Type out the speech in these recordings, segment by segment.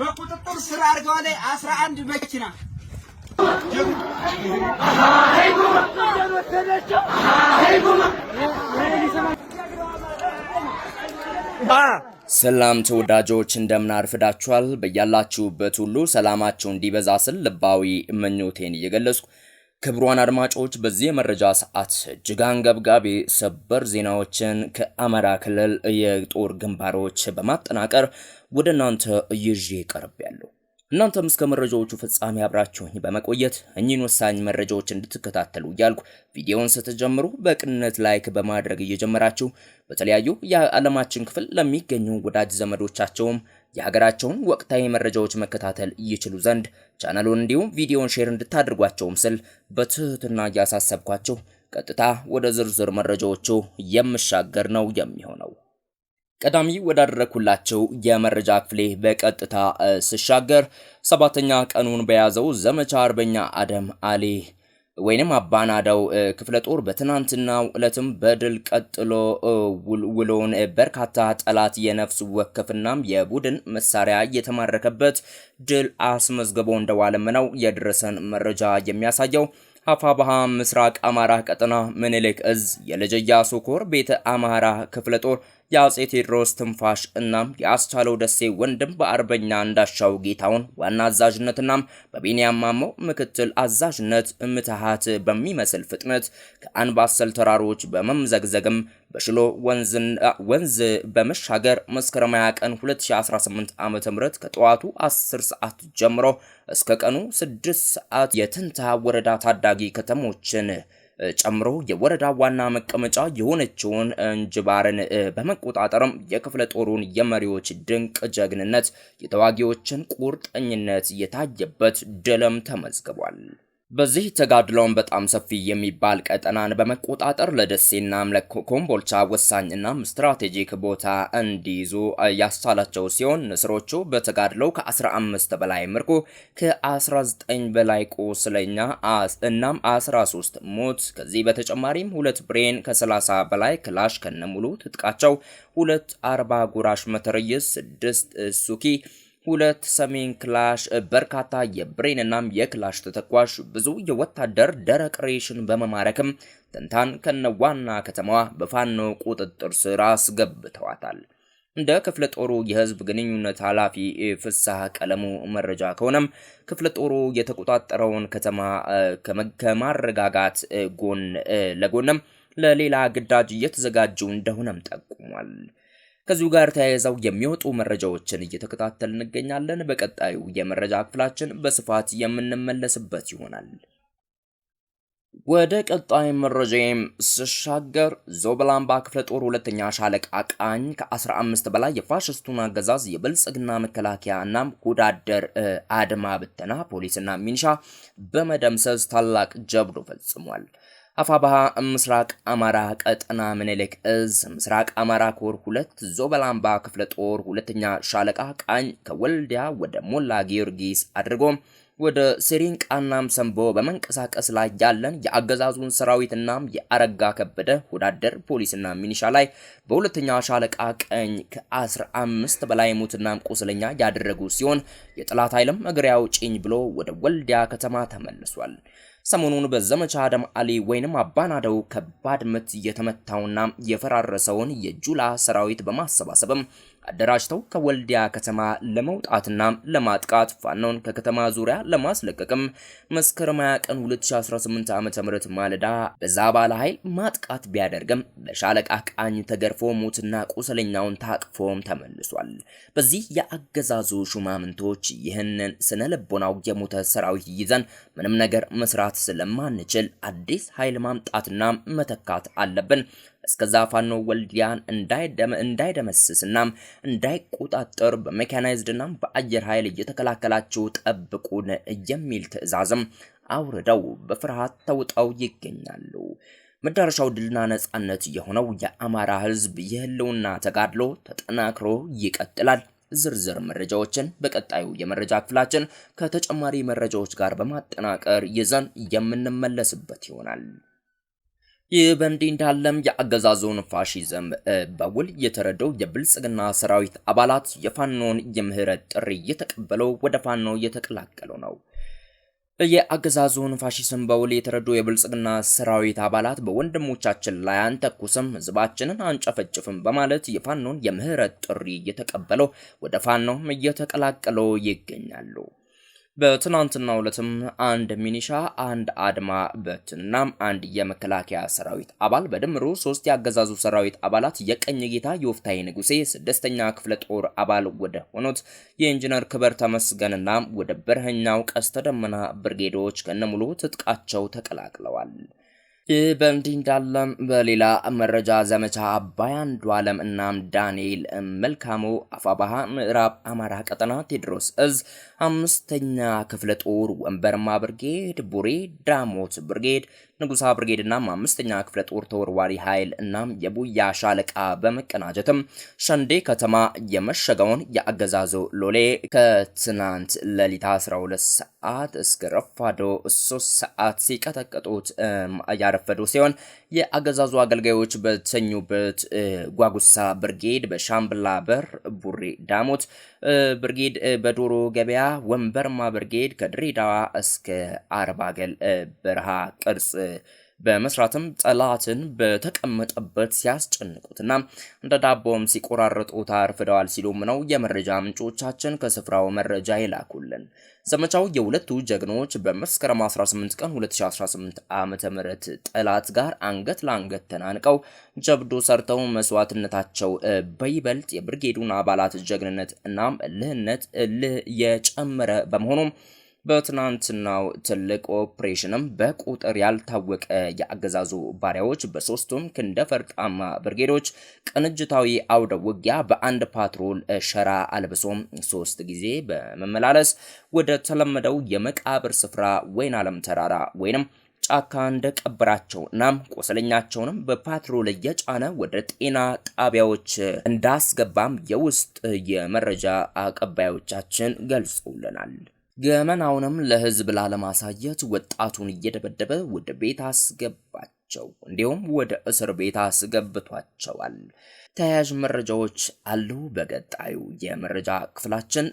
በቁጥጥር ስር አድርገዋል። አስራ አንድ መኪና ሰላም ተወዳጆች እንደምን አርፍዳችኋል? በያላችሁበት ሁሉ ሰላማችሁ እንዲበዛ ስል ልባዊ ምኞቴን እየገለጽኩ ክቡራን አድማጮች በዚህ የመረጃ ሰዓት እጅግ አንገብጋቢ ሰበር ዜናዎችን ከአማራ ክልል የጦር ግንባሮች በማጠናቀር ወደ እናንተ ይዤ ቀርብ ያለው። እናንተም እስከ መረጃዎቹ ፍጻሜ አብራችሁኝ በመቆየት እኚህን ወሳኝ መረጃዎች እንድትከታተሉ እያልኩ ቪዲዮውን ስትጀምሩ በቅንነት ላይክ በማድረግ እየጀመራችሁ በተለያዩ የዓለማችን ክፍል ለሚገኙ ወዳጅ ዘመዶቻቸውም የሀገራቸውን ወቅታዊ መረጃዎች መከታተል እይችሉ ዘንድ ቻናሉን እንዲሁም ቪዲዮውን ሼር እንድታደርጓቸውም ስል በትህትና እያሳሰብኳቸው ቀጥታ ወደ ዝርዝር መረጃዎቹ የምሻገር ነው የሚሆነው። ቀዳሚ ወዳደረኩላቸው የመረጃ ክፍሌ በቀጥታ ስሻገር ሰባተኛ ቀኑን በያዘው ዘመቻ አርበኛ አደም አሊ ወይንም አባናዳው ክፍለ ጦር በትናንትናው ዕለትም በድል ቀጥሎ ውሎውን በርካታ ጠላት የነፍስ ወከፍናም የቡድን መሳሪያ የተማረከበት ድል አስመዝግቦ እንደዋለም ነው የደረሰን መረጃ የሚያሳየው። አፋባሃ ምስራቅ አማራ ቀጠና ምኒልክ እዝ የልጅያ ሶኮር ቤተ አማራ ክፍለ ጦር የአጼ ቴዎድሮስ ትንፋሽ እናም የአስቻለው ደሴ ወንድም በአርበኛ እንዳሻው ጌታውን ዋና አዛዥነትና በቢንያም ማሞ ምክትል አዛዥነት ምትሃት በሚመስል ፍጥነት ከአንባሰል ተራሮች በመምዘግዘግም በሽሎ ወንዝ በመሻገር መስከረም 20 ቀን 2018 ዓ.ም ከጠዋቱ 10 ሰዓት ጀምሮ እስከ ቀኑ 6 ሰዓት የትንታ ወረዳ ታዳጊ ከተሞችን ጨምሮ የወረዳ ዋና መቀመጫ የሆነችውን እንጅባርን በመቆጣጠርም የክፍለ ጦሩን የመሪዎች ድንቅ ጀግንነት፣ የተዋጊዎችን ቁርጠኝነት የታየበት ድልም ተመዝግቧል። በዚህ ተጋድለውን በጣም ሰፊ የሚባል ቀጠናን በመቆጣጠር ለደሴና ለኮምቦልቻ ወሳኝና ስትራቴጂክ ቦታ እንዲይዙ ያስቻላቸው ሲሆን ንስሮቹ በተጋድለው ከ15 በላይ ምርኮ፣ ከ19 በላይ ቁስለኛ እናም 13 ሞት ከዚህ በተጨማሪም ሁለት ብሬን፣ ከ30 በላይ ክላሽ ከነሙሉ ትጥቃቸው፣ ሁለት አርባ ጉራሽ መትረየስ፣ ስድስት ሱኪ ሁለት ሰሜን ክላሽ በርካታ የብሬን እናም የክላሽ ተተኳሽ ብዙ የወታደር ደረቅ ሬሽን በመማረክም ተንታን ከነ ዋና ከተማዋ በፋኖ ቁጥጥር ስር አስገብተዋታል። እንደ ክፍለ ጦሩ የህዝብ ግንኙነት ኃላፊ ፍስሐ ቀለሙ መረጃ ከሆነም ክፍለ ጦሩ የተቆጣጠረውን ከተማ ከማረጋጋት ጎን ለጎንም ለሌላ ግዳጅ እየተዘጋጁ እንደሆነም ጠቁሟል። ከዚሁ ጋር ተያይዘው የሚወጡ መረጃዎችን እየተከታተል እንገኛለን። በቀጣዩ የመረጃ ክፍላችን በስፋት የምንመለስበት ይሆናል። ወደ ቀጣይ መረጃም ስሻገር ዞበላምባ ክፍለ ጦር ሁለተኛ ሻለቃ ቃኝ ከ15 በላይ የፋሽስቱን አገዛዝ የብልጽግና መከላከያ እናም ወዳደር አድማ ብተና ፖሊስና ሚኒሻ በመደምሰስ ታላቅ ጀብዶ ፈጽሟል። አፋባሃ ምስራቅ አማራ ቀጠና ምኒልክ እዝ ምስራቅ አማራ ኮር ሁለት ዞበላምባ ክፍለ ጦር ሁለተኛ ሻለቃ ቃኝ ከወልዲያ ወደ ሞላ ጊዮርጊስ አድርጎ ወደ ሲሪንቃናም ሰንቦ በመንቀሳቀስ ላይ ያለን የአገዛዙን ሰራዊትና የአረጋ ከበደ ወዳደር ፖሊስና ሚኒሻ ላይ በሁለተኛ ሻለቃ ቀኝ ከ15 በላይ ሙትና ቁስለኛ ያደረጉ ሲሆን የጠላት ኃይልም እግሬ አውጪኝ ብሎ ወደ ወልዲያ ከተማ ተመልሷል። ሰሞኑን በዘመቻ አደም አሊ ወይንም አባናደው ከባድ ምት የተመታውና የፈራረሰውን የጁላ ሰራዊት በማሰባሰብም አደራጅተው ከወልዲያ ከተማ ለመውጣትና ለማጥቃት ፋኖን ከከተማ ዙሪያ ለማስለቀቅም መስከረም 20 ቀን 2018 ዓ.ም ማለዳ በዛ ባለ ኃይል ማጥቃት ቢያደርግም በሻለቃ ቃኝ ተገርፎ ሞትና ቁስለኛውን ታቅፎም ተመልሷል። በዚህ የአገዛዙ ሹማምንቶች ይህንን ስነ ልቦናው የሞተ ሰራዊት ይዘን ምንም ነገር መስራት ስለማንችል አዲስ ኃይል ማምጣትና መተካት አለብን። እስከዛ ፋኖ ወልዲያን እንዳይደመስስና እንዳይቆጣጠር በሜካናይዝድና በአየር ኃይል እየተከላከላችሁ ጠብቁን የሚል ትዕዛዝም አውርደው በፍርሃት ተውጠው ይገኛሉ። መዳረሻው ድልና ነጻነት የሆነው የአማራ ሕዝብ የህልውና ተጋድሎ ተጠናክሮ ይቀጥላል። ዝርዝር መረጃዎችን በቀጣዩ የመረጃ ክፍላችን ከተጨማሪ መረጃዎች ጋር በማጠናቀር ይዘን የምንመለስበት ይሆናል። ይህ በእንዲህ እንዳለም የአገዛዙን ፋሽዝም በውል የተረደው የብልጽግና ሰራዊት አባላት የፋኖን የምህረት ጥሪ እየተቀበለው ወደ ፋኖ እየተቀላቀሉ ነው። የአገዛዙን ፋሽስም በውል የተረዱ የብልጽግና ሰራዊት አባላት በወንድሞቻችን ላይ አንተኩስም፣ ህዝባችንን አንጨፈጭፍም በማለት የፋኖን የምህረት ጥሪ እየተቀበለው ወደ ፋኖም እየተቀላቀለው ይገኛሉ። በትናንትናው ዕለትም አንድ ሚኒሻ፣ አንድ አድማ በትንናም አንድ የመከላከያ ሰራዊት አባል በድምሩ ሶስት የአገዛዙ ሰራዊት አባላት የቀኝ ጌታ የወፍታዊ ንጉሴ ስድስተኛ ክፍለ ጦር አባል ወደ ሆኑት የኢንጂነር ክበር ተመስገንና ወደ በረሃኛው ቀስተ ደመና ብርጌዶች ከነሙሉ ትጥቃቸው ተቀላቅለዋል። ይህ በእንዲህ እንዳለም በሌላ መረጃ ዘመቻ አባይ አንዱዓለም እናም ዳንኤል መልካሙ አፋባሃ ምዕራብ አማራ ቀጠና ቴድሮስ እዝ አምስተኛ ክፍለ ጦር ወንበርማ ብርጌድ፣ ቡሬ ዳሞት ብርጌድ፣ ንጉሳ ብርጌድ አምስተኛ ክፍለ ጦር ተወርዋሪ ኃይል እና የቡያ ሻለቃ በመቀናጀትም ሸንዴ ከተማ የመሸገውን የአገዛዙ ሎሌ ከትናንት ሌሊት 12 ሰዓት እስከ ረፋዶ 3 ሰዓት ሲቀጠቀጡት ያረፈዱ ሲሆን የአገዛዙ አገልጋዮች በተኙበት ጓጉሳ ብርጌድ፣ በሻምብላ በር ቡሬ ዳሞት ብርጌድ፣ በዶሮ ገበያ ወንበርማ ብርጌድ ከድሬዳዋ እስከ አርባገል በረሃ ቅርጽ በመስራትም ጠላትን በተቀመጠበት ሲያስጨንቁትና እንደ ዳቦም ሲቆራረጡ ታርፍደዋል ሲሉም ነው የመረጃ ምንጮቻችን ከስፍራው መረጃ ይላኩልን። ዘመቻው የሁለቱ ጀግኖች በመስከረም 18 ቀን 2018 ዓ.ም ጠላት ጋር አንገት ለአንገት ተናንቀው ጀብዶ ሰርተው መስዋዕትነታቸው በይበልጥ የብርጌዱን አባላት ጀግንነት እናም እልህነት እልህ የጨመረ በመሆኑም በትናንትናው ትልቅ ኦፕሬሽንም በቁጥር ያልታወቀ የአገዛዙ ባሪያዎች በሶስቱም ክንደ ፈርጣማ ብርጌዶች ቅንጅታዊ አውደ ውጊያ በአንድ ፓትሮል ሸራ አልብሶም ሶስት ጊዜ በመመላለስ ወደ ተለመደው የመቃብር ስፍራ ወይን አለም ተራራ ወይንም ጫካ እንደቀበራቸው እናም ቆሰለኛቸውንም በፓትሮል እየጫነ ወደ ጤና ጣቢያዎች እንዳስገባም የውስጥ የመረጃ አቀባዮቻችን ገልጸውልናል። ገመናውንም ለህዝብ ላለማሳየት ወጣቱን እየደበደበ ወደ ቤት አስገባቸው። እንዲሁም ወደ እስር ቤት አስገብቷቸዋል። ተያያዥ መረጃዎች አሉ። በቀጣዩ የመረጃ ክፍላችን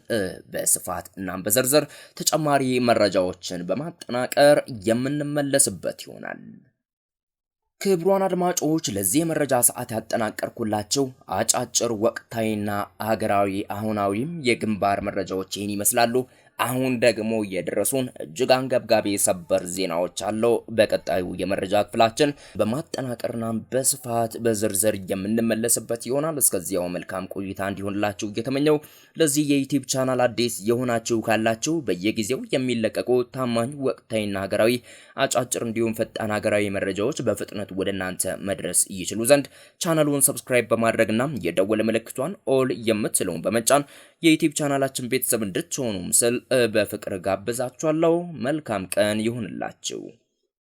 በስፋት እናም በዝርዝር ተጨማሪ መረጃዎችን በማጠናቀር የምንመለስበት ይሆናል። ክቡራን አድማጮች ለዚህ የመረጃ ሰዓት ያጠናቀርኩላቸው አጫጭር ወቅታዊና አገራዊ አሁናዊም የግንባር መረጃዎች ይህን ይመስላሉ። አሁን ደግሞ የደረሱን እጅግ አንገብጋቢ የሰበር ዜናዎች አለው። በቀጣዩ የመረጃ ክፍላችን በማጠናቀርና በስፋት በዝርዝር የምንመለስበት ይሆናል። እስከዚያው መልካም ቆይታ እንዲሆንላችሁ እየተመኘው ለዚህ የዩቲዩብ ቻናል አዲስ የሆናችሁ ካላችሁ በየጊዜው የሚለቀቁ ታማኝ ወቅታዊና ሀገራዊ አጫጭር እንዲሁም ፈጣን ሀገራዊ መረጃዎች በፍጥነት ወደ እናንተ መድረስ ይችሉ ዘንድ ቻናሉን ሰብስክራይብ በማድረግና የደወል ምልክቷን ኦል የምትለውን በመጫን የዩቲዩብ ቻናላችን ቤተሰብ እንድትሆኑ ምስል በፍቅር ጋብዛችኋለሁ። መልካም ቀን ይሁንላችሁ።